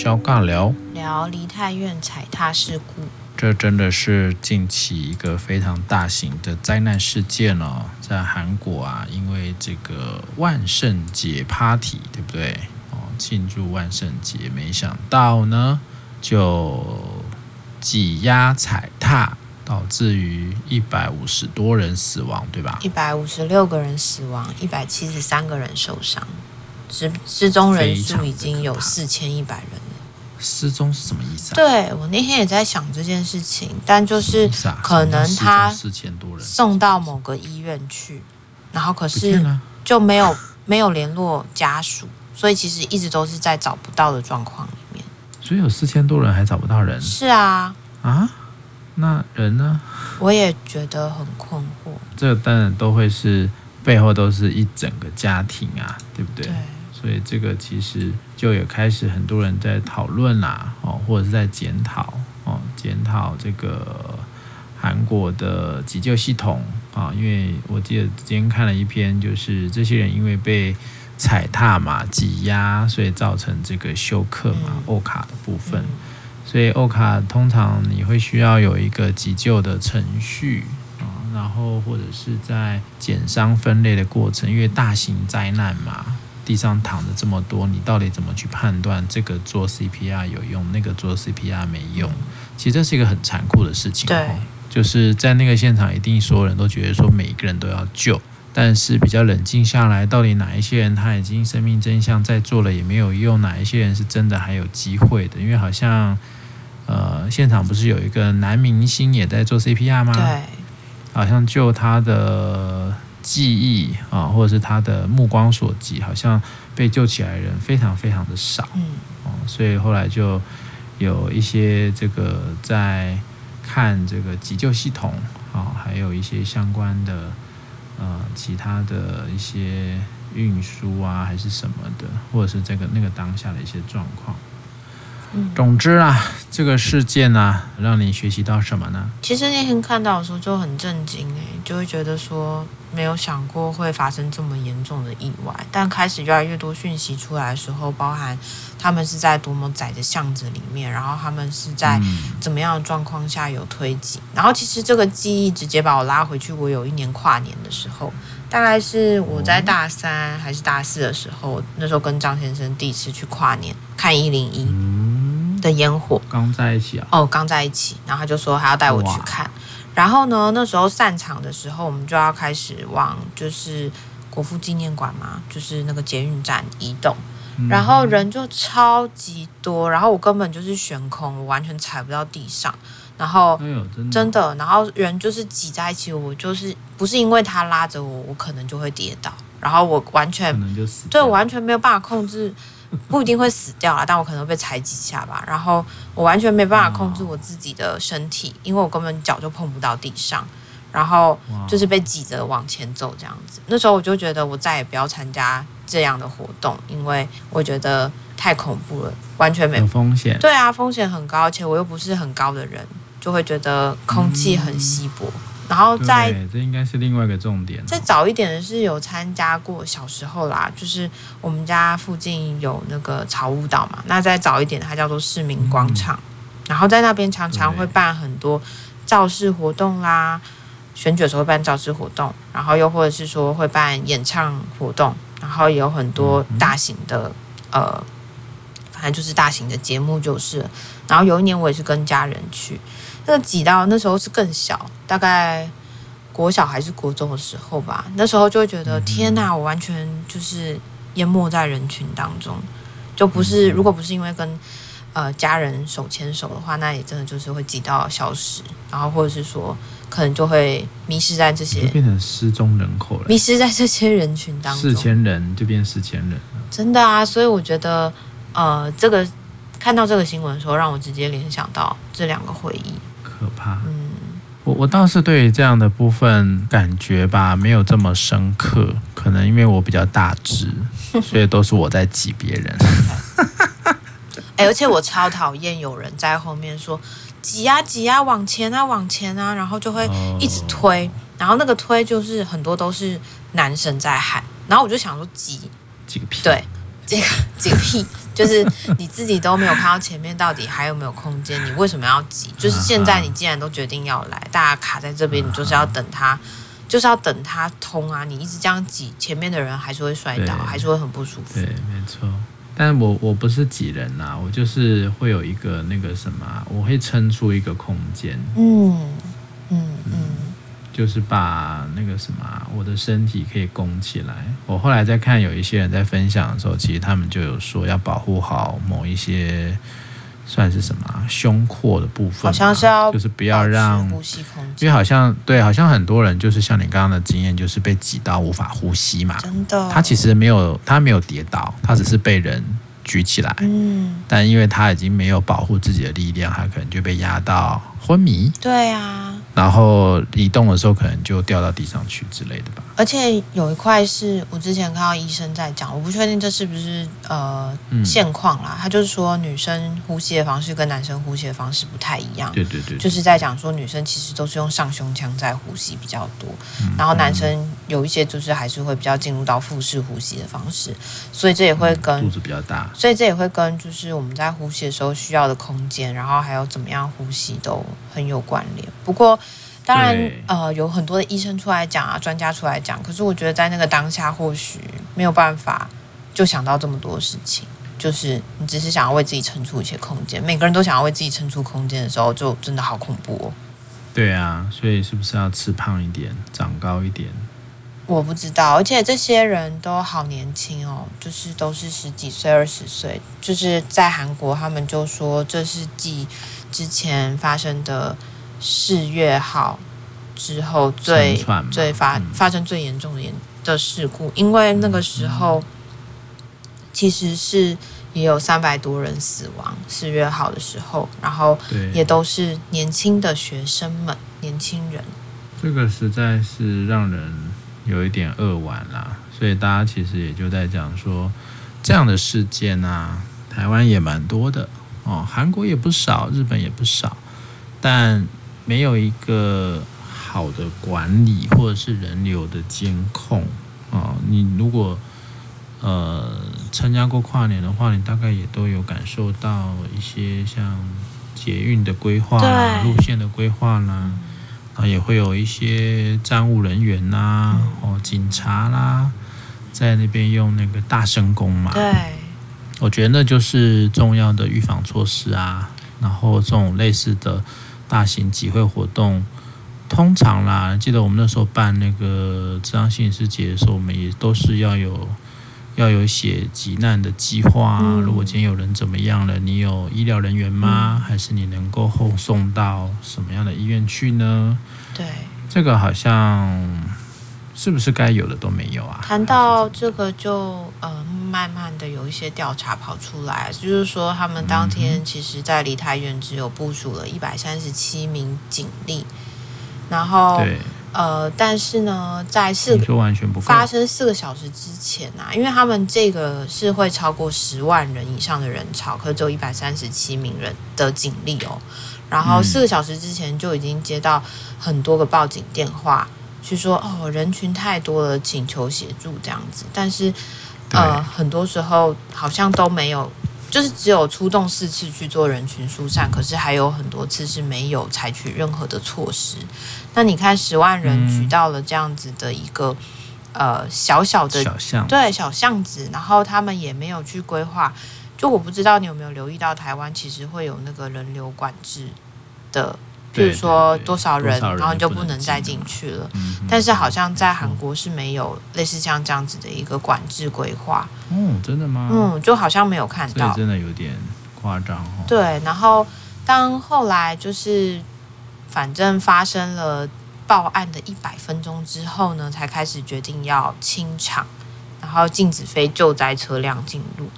肖尬聊聊梨泰院踩踏事故，這真的是近期一個非常大型的災難事件哦。在韓國啊，因為這個萬聖節 party，對不對？哦，慶祝萬聖節，沒想到呢，就擠壓踩踏，導致於一百五十多人死亡，對吧？一百五十六個人死亡，一百七十三個人受傷，失失蹤人數已經有四千一百人。失蹤是什麼意思啊？對，我那天也在想這件事情，但就是可能他送到某個醫院去，然後可是就沒有沒有聯絡家屬，所以其實一直都是在找不到的狀況裡面。所以有四千多人還找不到人？是啊。啊？那人呢？我也覺得很困惑。這當然都會是背後都是一整個家庭啊，對不對？對。所以這個其實就有開始很多人在討論啦，哦，或者是在檢討哦，檢討這個韓國的急救系統啊，因為我記得今天看了一篇，就是這些人因為被踩踏嘛、擠壓，所以造成這個休克嘛、歐卡的部分。所以歐卡通常你會需要有一個急救的程序啊，然後或者是在檢傷分類的過程，因為大型災難嘛。地上躺着這麼多，你到底怎麼去判斷這個做 CPR 有用，那個做 CPR 沒用？其實這是一個很殘酷的事情哦，對就是在那個現場，一定所有人都覺得說每一個人都要救，但是比較冷靜下來，到底哪一些人他已經生命徵象在做了也沒有用，哪一些人是真的還有機會的？因為好像呃，現場不是有一個男明星也在做 CPR 嗎？對，好像救他的。記憶啊，或者是他的目光所及，好像被救起來的人非常非常的少，嗯，所以後來就有一些這個在看這個急救系統啊，還有一些相關的呃其他的一些運輸啊，還是什麼的，或者是這個那個當下的一些狀況。嗯、總之啊，這個事件啊，讓你學習到什麼呢？其實那天看到的時候就很震驚，誒，就會覺得說沒有想過會發生這麼嚴重的意外。但開始越來越多訊息出來的時候，包含他們是在多麼窄的巷子裡面，然後他們是在怎麼樣的狀況下有推擠。嗯、然後其實這個記憶直接把我拉回去，我有一年跨年的時候，大概是我在大三還是大四的時候，嗯、那時候跟張先生第一次去跨年看一零一。嗯的煙火剛在一起啊！哦，剛在一起，然後他就說還要帶我去看。哇然後呢，那時候散場的時候，我們就要開始往就是國父紀念館嘛，就是那個捷運站移動。嗯、哼然後人就超級多，然後我根本就是懸空，我完全踩不到地上。然後真的，哎、真的然後人就是擠在一起，我就是不是因為他拉着我，我可能就會跌倒。然後我完全，就死，對，我完全沒有辦法控制。 不一定會死掉啊，但我可能會被踩幾下吧。然後我完全沒辦法控制我自己的身體，Wow. 因為我根本腳就碰不到地上，然後就是被擠着往前走這樣子。Wow. 那時候我就覺得我再也不要參加這樣的活動，因為我覺得太恐怖了，完全沒有風險。對啊，風險很高，而且我又不是很高的人，就會覺得空氣很稀薄。Mm hmm. 然後在這應該是另外一個重點、哦。再早一點的是有參加過小時候啦，就是我們家附近有那個草悟道嘛。那再早一點，它叫做市民廣場。嗯、然後在那邊常常會辦很多造勢活動啦，對選舉的時候會辦造勢活動，然後又或者是說會辦演唱活動，然後也有很多大型的、嗯、呃，反正就是大型的節目就是。然後有一年我也是跟家人去，這個擠到那時候是更小，大概國小還是國中的時候吧。那時候就會覺得天吶、啊，我完全就是淹沒在人群當中，就不是，嗯、哼如果不是因為跟呃家人手牽手的話，那也真的就是會擠到消失，然後或者是說可能就會迷失在這些，就變成失蹤人口了。迷失在這些人群當中，四千人就變四千人了，真的啊。所以我覺得呃，這個看到這個新聞的時候，讓我直接聯想到這兩個回憶。可怕。嗯，我我倒是對於這樣的部分感覺吧，沒有這麼深刻。可能因為我比較大只，所以都是我在擠別人。哎、欸，而且我超討厭有人在後面說擠呀、擠呀、啊啊，往前啊，往前啊，然後就會一直推。然後那個推就是很多都是男生在喊，然後我就想說擠擠個屁！對，擠個、擠個屁！ 就是你自己都沒有看到前面到底還有沒有空間，你為什麼要擠？就是現在你既然都決定要來，大家卡在這邊，你就是要等他， 就是要等他通啊！你一直這樣擠，前面的人還是會摔倒，對還是會很不舒服。對，沒錯。但我我不是擠人啊，我就是會有一個那個什麼，我會撐出一個空間。嗯，嗯嗯嗯。嗯就是把那個什麼，我的身體可以拱起來。我後來在看有一些人在分享的時候，其實他們就有說要保護好某一些，算是什麼、啊、胸廓的部分，好像是要，就是不要讓，呼吸空間。因為好像對，好像很多人就是像你剛剛的經驗，就是被擠到無法呼吸嘛。真的、哦，他其實沒有，他沒有跌倒，他只是被人舉起來。嗯，但因為他已經沒有保護自己的力量，他可能就被壓到昏迷。對啊。然後移動的時候，可能就掉到地上去之類的吧。而且有一塊是我之前看到醫生在講，我不確定這是不是呃、嗯、現況啦。他就是說，女生呼吸的方式跟男生呼吸的方式不太一樣。對，對對對，就是在講說女生其實都是用上胸腔在呼吸比較多，嗯、哼然後男生有一些就是還是會比較進入到腹式呼吸的方式。所以這也會跟肚、嗯、子比較大，所以這也會跟就是我們在呼吸的時候需要的空間，然後還有怎麼樣呼吸都很有關聯。不過。當然，對呃，有很多的醫生出來講啊，專家出來講。可是我覺得在那個當下，或許沒有辦法就想到這麼多事情。就是你只是想要為自己騰出一些空間。每個人都想要為自己騰出空間的時候，就真的好恐怖哦。對啊，所以是不是要吃胖一點，長高一點？我不知道。而且這些人都好年輕哦，就是都是十幾歲、二十歲。就是在韓國，他們就說這是繼之前發生的。四月號之後最最發、嗯、發生最嚴重的嚴的事故，嗯、因為那個時候其實是也有三百多人死亡。四月號的時候，然後也都是年輕的學生們、對年輕人。這個實在是讓人有一點扼腕了，所以大家其實也就在講說，這樣的事件吶，台灣也蠻多的哦，韓國也不少，日本也不少，但。沒有一個好的管理，或者是人流的監控啊，你如果呃參加過跨年的話，你大概也都有感受到一些像捷運的規劃、路線的規劃啦，啊對，也會有一些站務人員啦，哦、嗯、警察啦，在那邊用那個大聲公嘛。對，我覺得那就是重要的預防措施啊。然後這種類似的。大型集會活動，通常啦，記得我們那時候辦那個肖尬心理師節的時候，我們也都是要有要有些急難的計劃啊。嗯，如果今天有人怎麼樣了，你有醫療人員嗎？嗯，還是你能夠後送到什麼樣的醫院去呢？對，這個好像是不是該有的都沒有啊？談到這個就。慢慢的有一些調查跑出來，就是說他們當天其實在梨泰院只有部署了一百三十七名警力，然後對呃，但是呢，在四個發生四個小時之前啊，因為他們這個是會超過十萬人以上的人潮，可只有一百三十七名人的警力哦。然後四個小時之前就已經接到很多個報警電話，去說哦，人群太多了，請求協助這樣子，但是。對呃，很多時候好像都沒有，就是只有出動四次去做人群疏散，嗯、可是還有很多次是沒有採取任何的措施。那你看十萬人擠到了這樣子的一個、嗯、呃小小的小巷，對，小巷子，然後他們也沒有去規劃。就我不知道你有沒有留意到，台灣其實會有那個人流管制的。譬如說多少人，然後就不能再進去了。但是好像在韓國是沒有類似像這樣子的一個管制規劃。嗯，真的嗎？嗯，就好像沒有看到。真的有點誇張。對，然後當後來就是，反正發生了報案的一百分鐘之後呢，才開始決定要清場，然後禁止非救災車輛進入，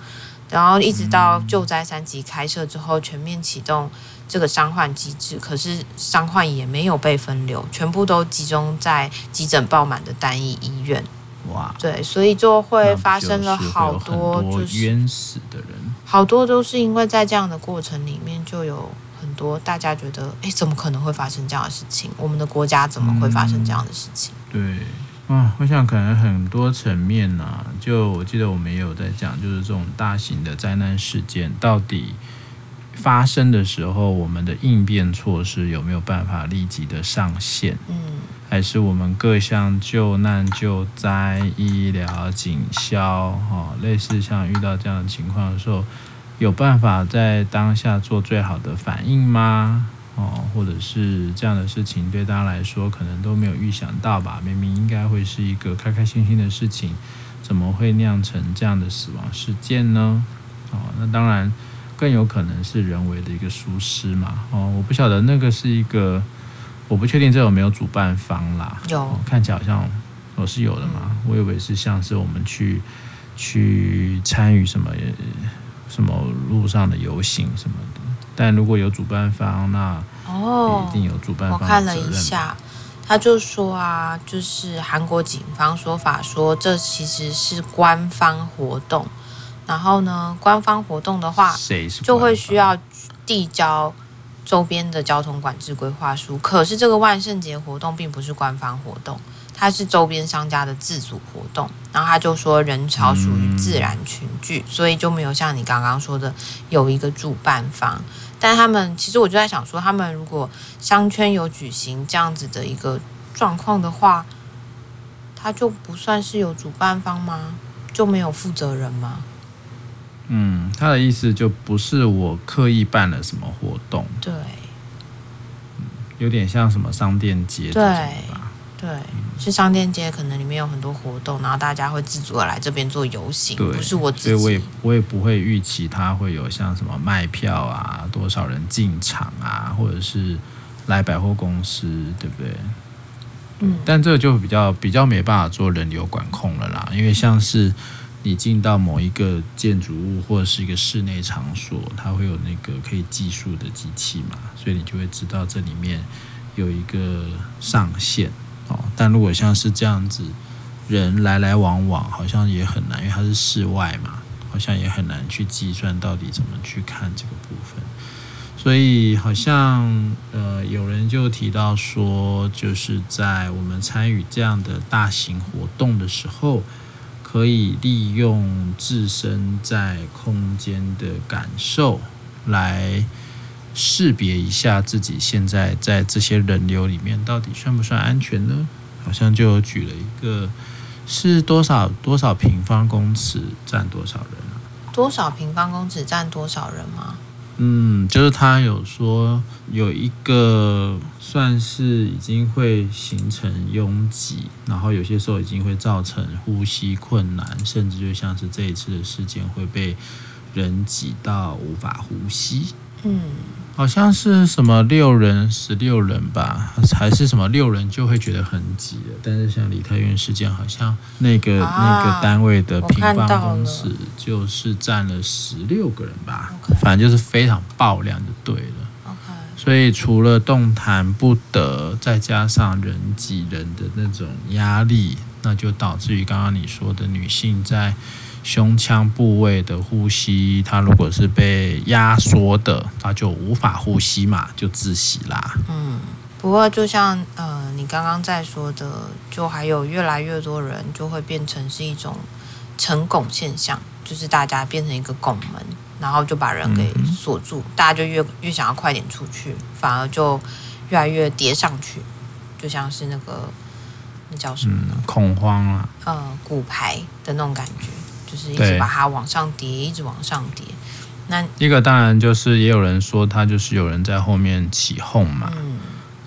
然後一直到救災三級開設之後全面啟動。這個傷患機制，可是傷患也沒有被分流，全部都集中在急診爆滿的單一醫院。哇！對，所以就會發生了好多就是，就是很多冤死的人，好多都是因為在這樣的過程裡面，就有很多大家覺得，誒，怎麼可能會發生這樣的事情？我們的國家怎麼會發生這樣的事情？嗯、對，啊，我想可能很多層面呢、啊，就我記得我們也有在講，就是這種大型的災難事件到底。發生的時候，我們的應變措施有沒有辦法立即的上線？嗯，還是我們各項救難救災、醫療警消，哈、哦，類似像遇到這樣的情況的時候，有辦法在當下做最好的反應嗎？哦，或者是這樣的事情對大家來說可能都沒有預想到吧？明明應該會是一個開開心心的事情，怎麼會釀成這樣的死亡事件呢？哦，那當然。更有可能是人為的一個疏失嘛？哦，我不曉得那個是一個，我不確定這有沒有主辦方啦。有、哦，看起來好像我是有的嘛。嗯、我以為是像是我們去去參與什麼什麼路上的遊行什麼的，但如果有主辦方，那哦一定有主辦方的、哦。我看了一下，他就說啊，就是韓國警方說法說，這其實是官方活動。然後呢，官方活動的話，就會需要遞交周邊的交通管制規劃書。可是這個萬聖節活動並不是官方活動，它是周邊商家的自主活動。然後他就說，人潮屬於自然群聚，嗯、所以就沒有像你剛剛說的有一個主辦方。但他們其實我就在想說，說他們如果商圈有舉行這樣子的一個狀況的話，他就不算是有主辦方嗎？就沒有負責人嗎？嗯，他的意思就不是我刻意辦了什麼活動，對，嗯，有點像什麼商店街這，對，對，嗯、是商店街可能裡面有很多活動，然後大家會自主而來這邊做遊行，對不是我自己，所以我也我也不會預期它會有像什麼賣票啊，多少人進場啊，或者是來百貨公司，對不對？嗯，但這個就比較比較沒辦法做人流管控了啦，因為像是。嗯你進到某一個建築物或者是一個室內場所，它會有那個可以計數的機器嘛？所以你就會知道這裡面有一個上限哦。但如果像是這樣子，人來來往往，好像也很難，因為它是室外嘛，好像也很難去計算到底怎麼去看這個部分。所以好像呃，有人就提到說，就是在我們參與這樣的大型活動的時候。可以利用自身在空間的感受來識別一下自己現在在這些人流裡面到底算不算安全呢？好像就舉了一個是多少多少平方公尺占多少人啊？多少平方公尺占多少人嗎？嗯，就是他有說有一個算是已經會形成擁擠，然後有些時候已經會造成呼吸困難，甚至就像是這一次的事件會被人擠到無法呼吸。嗯。好像是什麼六人、十六人吧，還是什麼六人就會覺得很擠。但是像梨泰院事件，好像那個、啊、那個單位的平方公尺就是佔了十六個人吧，反正就是非常爆量的隊了。Okay. 所以除了動彈不得，再加上人擠人的那種壓力，那就導致於剛剛你說的女性在。胸腔部位的呼吸，它如果是被壓縮的，它就無法呼吸嘛，就窒息啦。嗯，不過就像呃，你剛剛在說的，就還有越來越多人就會變成是一種成拱現象，就是大家變成一個拱門，然後就把人給鎖住，嗯，大家就越越想要快點出去，反而就越來越疊上去，就像是那個那叫什麼呢？嗯，恐慌啊，呃，骨牌的那種感覺。就是一直把它往上疊，對一直往上疊。那一個當然就是，也有人說他就是有人在後面起哄嘛。嗯。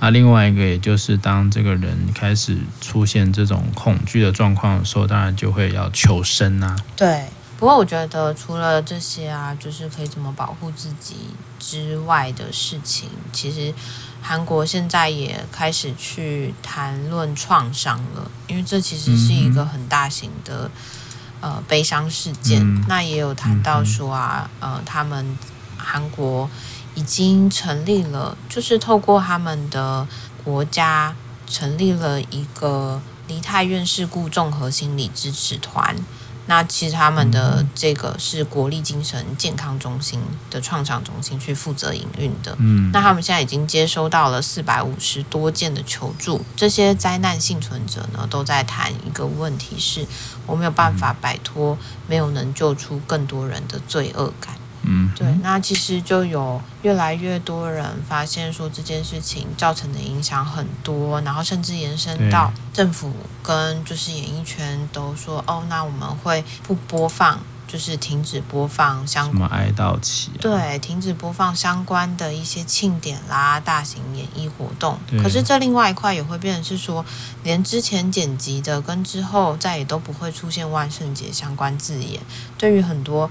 那另外一個也就是，當這個人開始出現這種恐懼的狀況的時候，當然就會要求生啊。對。不過我覺得除了這些啊，就是可以怎麼保護自己之外的事情，其實韓國現在也開始去談論創傷了，因為這其實是一個很大型的。嗯呃，悲傷事件，嗯、那也有談到說啊，嗯、哼呃，他們韓國已經成立了，就是透過他們的國家成立了一個梨泰院事故綜合心理支持團。那其實他們的這個是國立精神健康中心的創傷中心去負責營運的。嗯哼，那他們現在已經接收到了四百五十多件的求助，這些災難倖存者呢，都在談一個問題是。我沒有辦法擺脫，沒有能救出更多人的罪惡感。嗯，對，那其實就有越來越多人發現說這件事情造成的影響很多，然後甚至延伸到政府跟就是演藝圈都說對哦，那我們會不播放。就是停止播放相關什麼、哀悼期，啊，對，停止播放相關的一些慶典啦，啦、大型演藝活動。對可是這另外一塊也會變成是說，連之前剪輯的跟之後再也都不會出現萬聖節相關字眼。對於很多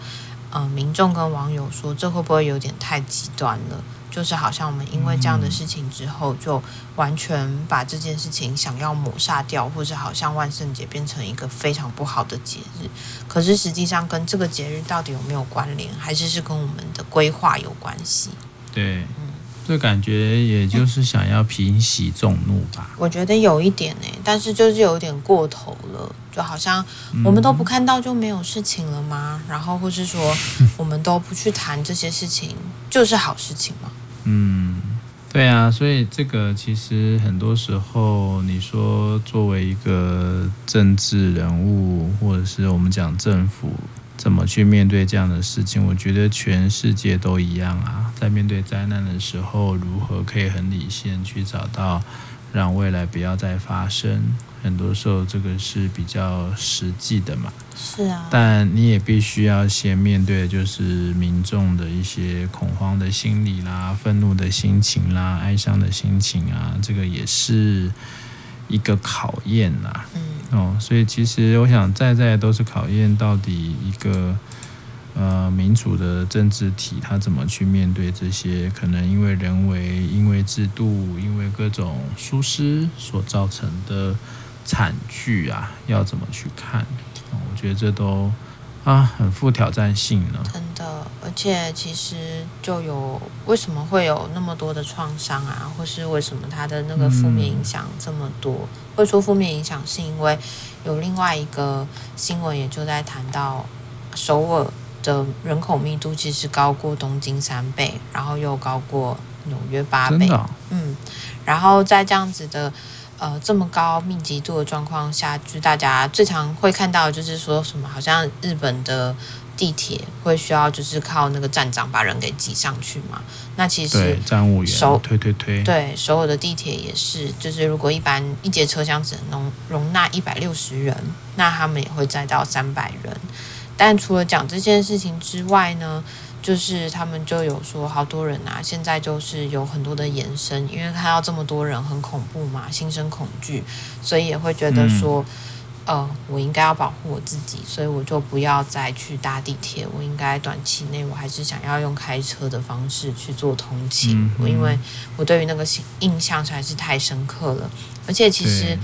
嗯、呃、民眾跟網友說，這會不會有點太極端了？就是好像我們因為這樣的事情之後，就完全把這件事情想要抹殺掉，或是好像萬聖節變成一個非常不好的節日。可是實際上跟這個節日到底有沒有關聯，還是是跟我們的規劃有關係？對，嗯，這感覺也就是想要平息眾怒吧。我覺得有一點哎、欸，但是就是有點過頭了。就好像我們都不看到就沒有事情了嗎？然後，或是說我們都不去談這些事情， 就是好事情嗎？嗯，對啊，所以這個其實很多時候，你說作為一個政治人物，或者是我們講政府，怎麼去面對這樣的事情？我覺得全世界都一樣啊，在面對災難的時候，如何可以很理性去找到讓未來不要再發生。很多時候，這個是比較實際的嘛。是啊。但你也必須要先面對，就是民眾的一些恐慌的心理啦、憤怒的心情啦、哀傷的心情啊，這個也是一個考驗啦。嗯。哦，所以其實我想，在在都是考驗到底一個呃民主的政治體，他怎麼去面對這些可能因為人為、因為制度、因為各種疏失所造成的。慘劇啊，要怎麼去看？嗯、我覺得這都啊，很富挑戰性呢。真的，而且其實就有為什麼會有那麼多的創傷啊，或是為什麼它的那個負面影響這麼多？嗯、會說負面影響是因為有另外一個新聞也就在談到，首爾的人口密度其實高過東京三倍，然後又高過紐約八倍。哦、嗯，然後在這樣子的。呃，這麼高密集度的狀況下，就是、大家最常會看到的就是說什麼，好像日本的地鐵會需要就是靠那個站長把人給擠上去嘛？那其實站務員手推推推，對，所有的地鐵也是，就是如果一般一節車廂只能容納一百六十人，那他們也會載到三百人。但除了講這件事情之外呢？就是他們就有說，好多人啊，現在就是有很多的延伸，因為看到這麼多人很恐怖嘛，心生恐懼，所以也會覺得說，嗯、呃，我應該要保護我自己，所以我就不要再去搭地鐵，我應該短期內我還是想要用開車的方式去做通勤，我、嗯、哼因為我對於那個印印象實在是太深刻了，而且其實，對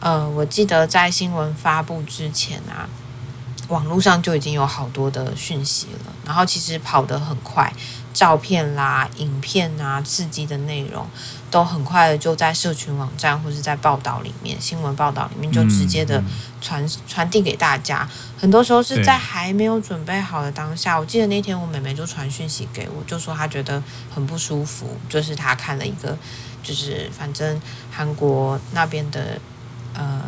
呃，我記得在新聞發布之前啊。網絡上就已經有好多的訊息了，然後其實跑得很快，照片啦、影片啊、刺激的內容，都很快的就在社群網站或是在報道裡面、新聞報道裡面就直接的傳傳遞給大家。很多時候是在還沒有準備好的當下，對 我記得那天我妹妹就傳訊息給我，就說她覺得很不舒服，就是她看了一個，就是反正韓國那邊的呃。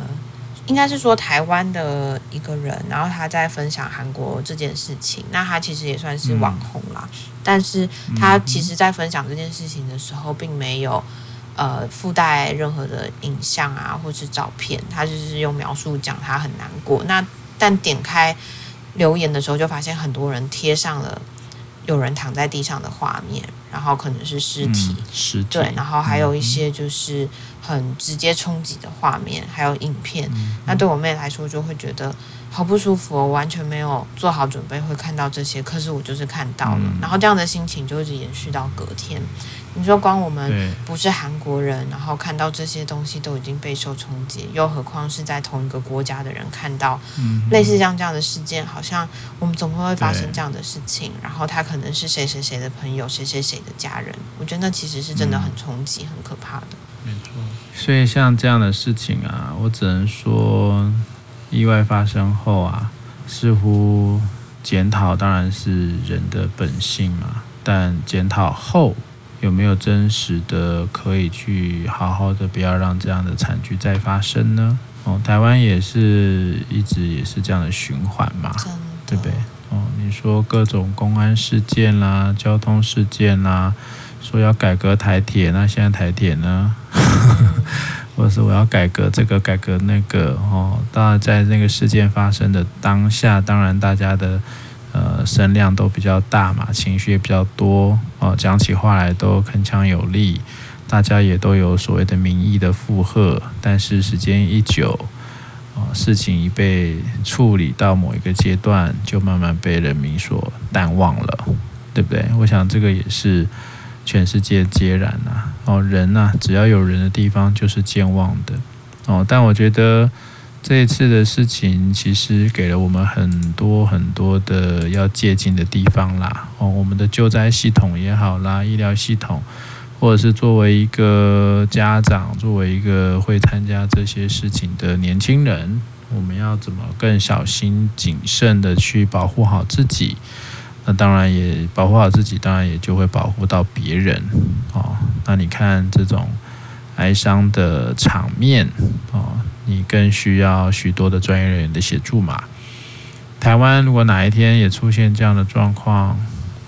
應該是說台灣的一個人，然後他在分享韓國這件事情。那他其實也算是網紅啦，嗯、但是他其實，在分享這件事情的時候，並沒有呃附帶任何的影像啊，或是照片。他就是用描述講他很難過。那但點開留言的時候，就發現很多人貼上了有人躺在地上的畫面，然後可能是屍體，屍體、嗯、屍體。對，然後還有一些就是。嗯很直接衝擊的畫面，還有影片，嗯、哼那對我妹來說就會覺得好不舒服，哦，完全沒有做好準備會看到這些，可是我就是看到了，嗯、哼然後這樣的心情就一直延續到隔天。你說光我們不是韓國人，對然後看到這些東西都已經備受衝擊，又何況是在同一個國家的人看到，嗯、哼類似像這樣的事件，好像我們總會會發生這樣的事情。對然後他可能是誰誰誰的朋友，誰誰誰的家人，我覺得那其實是真的很衝擊，嗯、很可怕的。沒錯。所以像這樣的事情啊，我只能說，意外發生後啊，似乎檢討當然是人的本性嘛。但檢討後有沒有真實的可以去好好的，不要讓這樣的慘劇再發生呢？哦，台灣也是一直也是這樣的循環嘛，真的。對不對？哦，你說各種公安事件啦、啊、交通事件啦、啊，說要改革台鐵，那現在台鐵呢？ 或者是我要改革這個改革那個哦，當然在那個事件發生的當下，當然大家的呃聲量都比較大嘛，情緒也比較多哦，講起話來都鏗鏘有力，大家也都有所謂的民意的附和，但是時間一久，哦，事情一被處理到某一個階段，就慢慢被人民所淡忘了，對不對？我想這個也是。全世界皆然吶、啊，哦，人吶、啊，只要有人的地方就是健忘的，哦，但我覺得這一次的事情其實給了我們很多很多的要借鑑的地方啦，哦，我們的救災系統也好啦，醫療系統，或者是作為一個家長，作為一個會參加這些事情的年輕人，我們要怎麼更小心謹慎的去保護好自己？那當然也保護好自己，當然也就會保護到別人，哦。那你看這種哀傷的場面，哦，你更需要許多的專業人員的協助嘛。台灣如果哪一天也出現這樣的狀況，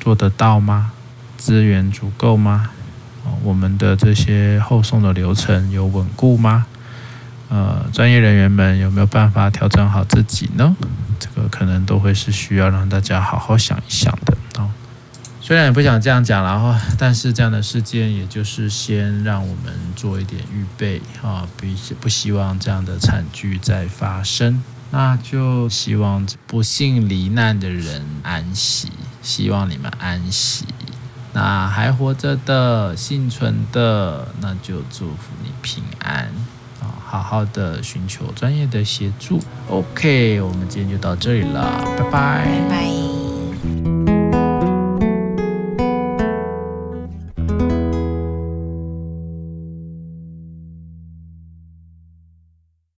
做得到嗎？資源足夠嗎？哦，我們的這些後送的流程有穩固嗎？呃，專業人員們有沒有辦法調整好自己呢？這個可能都會是需要讓大家好好想一想的啊、哦。雖然也不想這樣講，然後，但是這樣的事件，也就是先讓我們做一點預備啊、哦，不不希望這樣的慘劇再發生。那就希望不幸罹難的人安息，希望你們安息。那還活着的、倖存的，那就祝福你平安。好好的尋求專業的協助。OK，我們今天就到這裡了，拜拜。拜拜。